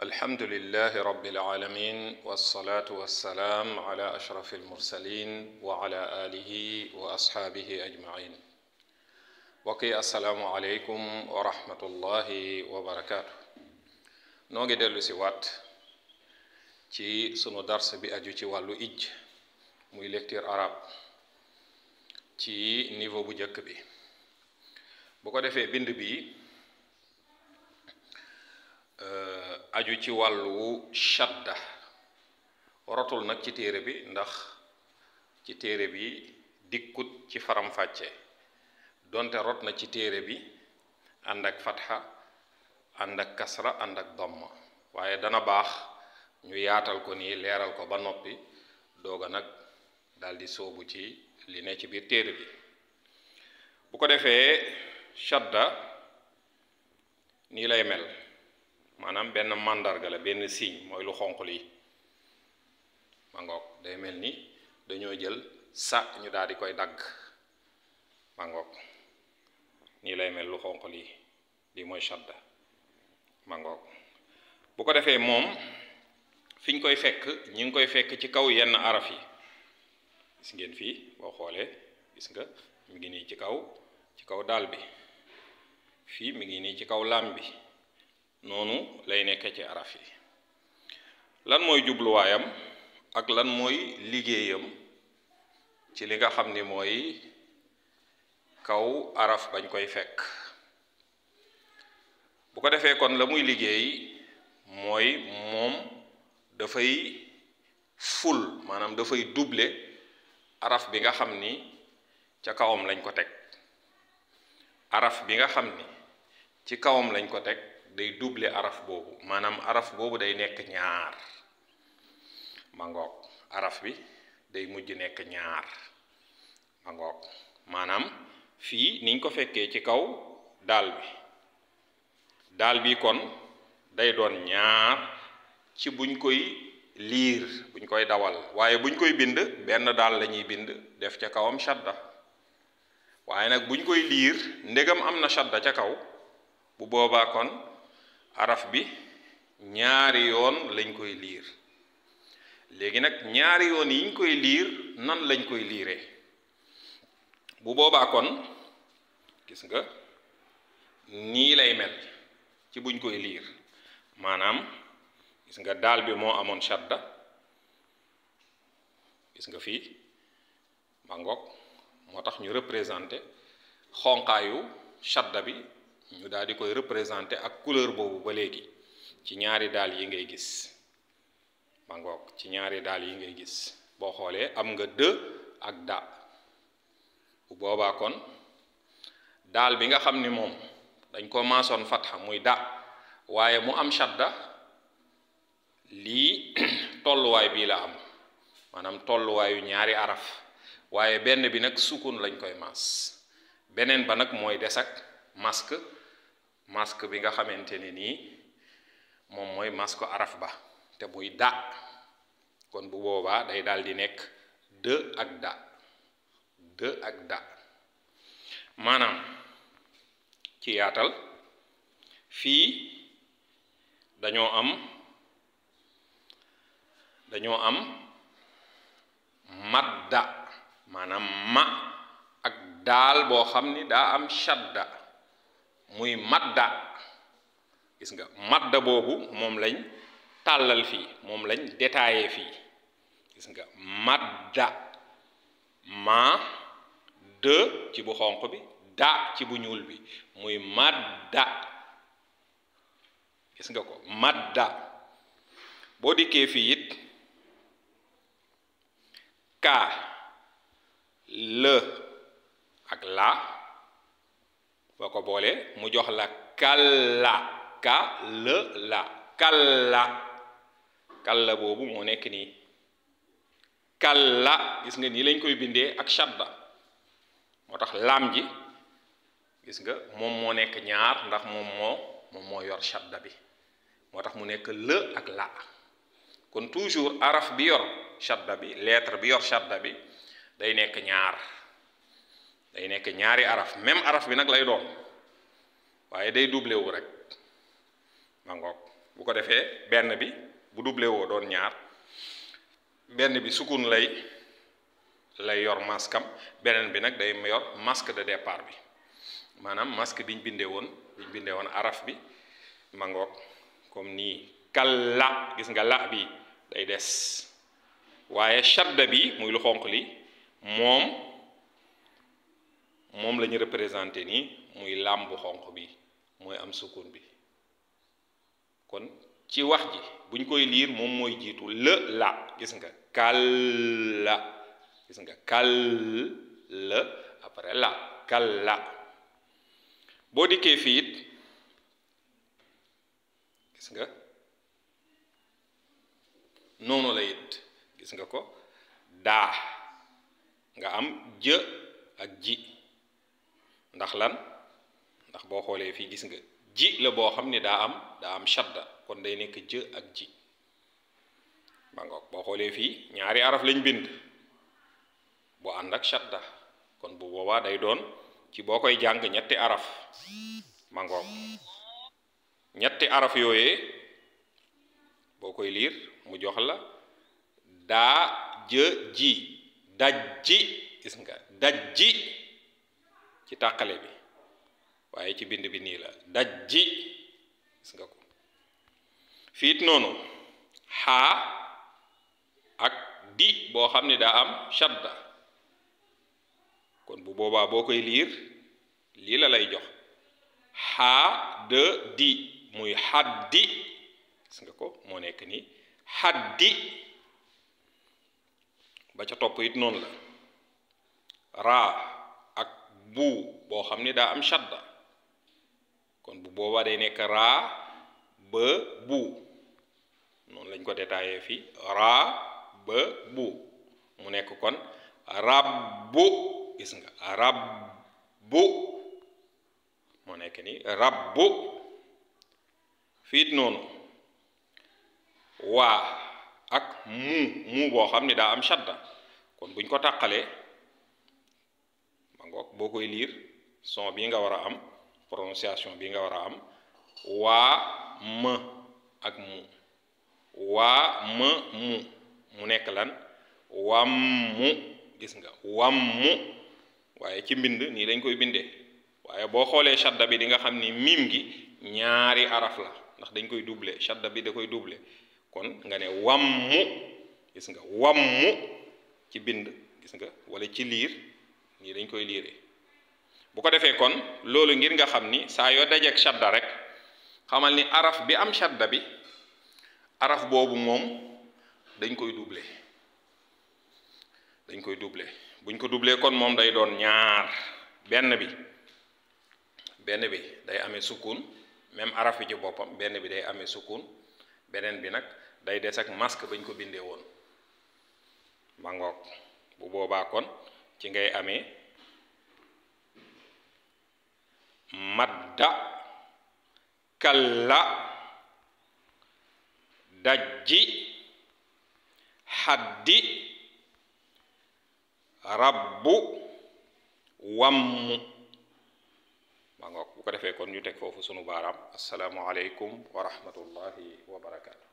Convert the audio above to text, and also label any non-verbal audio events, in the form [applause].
الحمد لله رب العالمين والصلاة والسلام على أشرف المرسلين وعلى آله وأصحابه أجمعين وقي السلام عليكم ورحمة الله وبركاته نوغي دلو سيوات ci سنو درس بأجو aju والو إج موي لكتير عرب arabe نيفو niveau بي njëkk دفع بند بي defee aju ci wàllu shadda rotul nag ci téere bi ndax ci téere bi dikkut ci faramfàcce fàcce donte rot na ci téere bi ànd ak fatxa ànd ak kasra ànd ak damma waaye dana baax ñu yaatal ko nii leeral ko ba noppi dooga nag daldi sóobu ci li ne ci biir téere bi bu ko defee shadda nii lay mel maanaam benn màndarga la benn signe mooy lu xonq lii mangook day mel ni dañoo jël sa ñu daal di koy dagg ma ngoog nii lay mel lu xonq lii lii mooy shadda ma ngoog bu ko defee moom fi ñu koy fekk ñu ngi koy fekk ci kaw yenn araf yi gis ngeen fii boo xoolee gis nga mu ngi nii ci kaw ci kaw daal bi fii mi ngi nii ci kaw laam bi noonu lay nekk ci araf yi lan mooy jubluwaayam ak lan mooy liggéeyam ci li nga xam ni mooy kaw araf bañ koy fekk bu ko defee kon la muy liggéey mooy moom dafay ful maanaam dafay duble araf bi nga xam ni ca kawam lañ ko teg araf bi nga xam ni ci kawam lañ ko teg day double araf boobu maanaam araf boobu day nekk ñaar ma ngoog araf bi day mujj nekk ñaar ma maanaam fii niñ ko fekkee ci kaw daal bi daal bi kon day doon ñaar ci buñ koy liir buñ koy dawal waaye buñ koy bind benn daal lañuy bind def ca kawam shadda waaye nag buñ koy liir ndegam am na shadda ca kaw bu boobaa kon araf bi ñaari yoon lañ koy liir léegi nag ñaari yoon yiñ koy liir nan lañ koy liiree bu boobaa kon gis nga nii lay mel ci buñ koy liir maanaam gis nga daal bi moo amoon shadda gis nga fii ma moo tax ñu représenté xonqaayu shadda bi ñu daal di koy représenté ak couleur boobu ba léegi ci ñaari daal yi ngay gis mangoog ci ñaari daal yi ngay gis boo xoolee am nga dë ak da bu boobaa kon daal bi nga xam ni moom dañ ko maasoon fatxa muy da waaye mu am shadda lii [clears throat] tolluwaay bii la am maanaam tolluwaayu ñaari araf waaye benn bi nag sukun lañ koy maas beneen ba nag mooy des ak masque masque bi nga xamante ne nii moom mooy masque araf ba te muy da kon bu boobaa day daal di nekk dë ak da dë ak da maanaam ci yaatal fii dañoo am dañoo am madda maanaam ma ak daal boo xam ni daa am shadda muy madda gis nga madda boobu moom lañ tàllal fii moom lañ détaillé fii gis nga madda ma dë ci bu xonq bi da ci bu ñuul bi muy madda gis nga ko madda boo dikkee fii it kaa lë ak la boko bolé mu jox la kala ka le la kala kala bobu mo nek ni kala gis nga ni lañ koy bindé ak shadda motax lam ji gis nga mom mo nek ñaar ndax mom mo mom mo yor shadda bi motax mu nek le ak la kon toujours araf bi yor shadda bi lettre bi yor shadda bi day nek ñaar day nekk ñaari araf même araf bi nag lay doon waaye day doublé rek ma bu ko defee benn bi bu doublé woo doon ñaar benn bi sukun lay lay yor masque beneen bi nag day yor masque de départ bi maanaam masque biñ bindee woon biñ bindee woon araf bi ma ngoog nii kal la gis nga la bi day des waaye shadda bi muy lu xonq li moom moom la représenté nii muy làmb xonq bi mooy am sukun bi kon ci wax ji buñ koy liir moom mooy jiitu lë la gis nga kal la gis nga kal la après la kal la boo dikkee fii it gis nga noonu la yit gis nga ko daa nga am jë ak ji ndax lan ndax boo xoolee fii gis nga ji la boo xam ne daa am daa am shadda kon day nekk jë ak ji ma ngoog boo xoolee fii ñaari araf lañ bind boo ànd ak shadda kon bu boobaa day doon ci boo koy jàng ñetti araf ma ñetti araf yooyee boo koy liir mu jox la daa jë ji daj ji gis nga daj ji ci tàqale bi waaye ci bind bi nii la daj ji gis nga ko fiit noonu xaa ak di boo xam ne daa am shadda kon bu boobaa boo koy liir lii la lay jox xaa de di muy xaddi gis nga ko moo nekk nii xaddi ba ca topp it noonu la raa bu boo xam ni daa am shadda kon bu boobaa day nekk raa ba bu noonu lañ ko détaillé fii raa ba bu mu nekk kon rabbu gis nga rabbu moo nekk ni rabbu fiit noonu waa ak mu mu boo xam ni daa am shadda kon buñ ko tàqalee ngoog bokoy lire son bi nga wara am prononciation bi nga wara am wa ma ak mu wa ma mu mu nek lan wam mu gis nga wam mu waye ci bind ni lañ koy bindé waye bo xolé shadda bi di nga xamni mim gi ñaari araf la ndax dañ koy doubler shadda bi da koy doubler kon nga ne wam mu gis nga wam mu ci bind gis nga wala ci lire nii dañ koy liire bu ko defee kon loolu ngir nga xam ni saa yoo dajeeg shadda rek xamal ni araf bi am shadda bi araf boobu moom dañ koy duble dañ koy duble buñ ko doublé kon moom day doon ñaar benn bi benn bi day ame sukun même araf bi ji boppam benn bi day amee sukun beneen bi nag day des ak masque bañ ko bindee woon ma ngoog bu boobaa kon ci ngay Madak, madda kalla dajji Rabu, rabbu wam maa nga ko defé kon ñu tek fofu sunu assalamu alaykum wa rahmatullahi wa barakatuh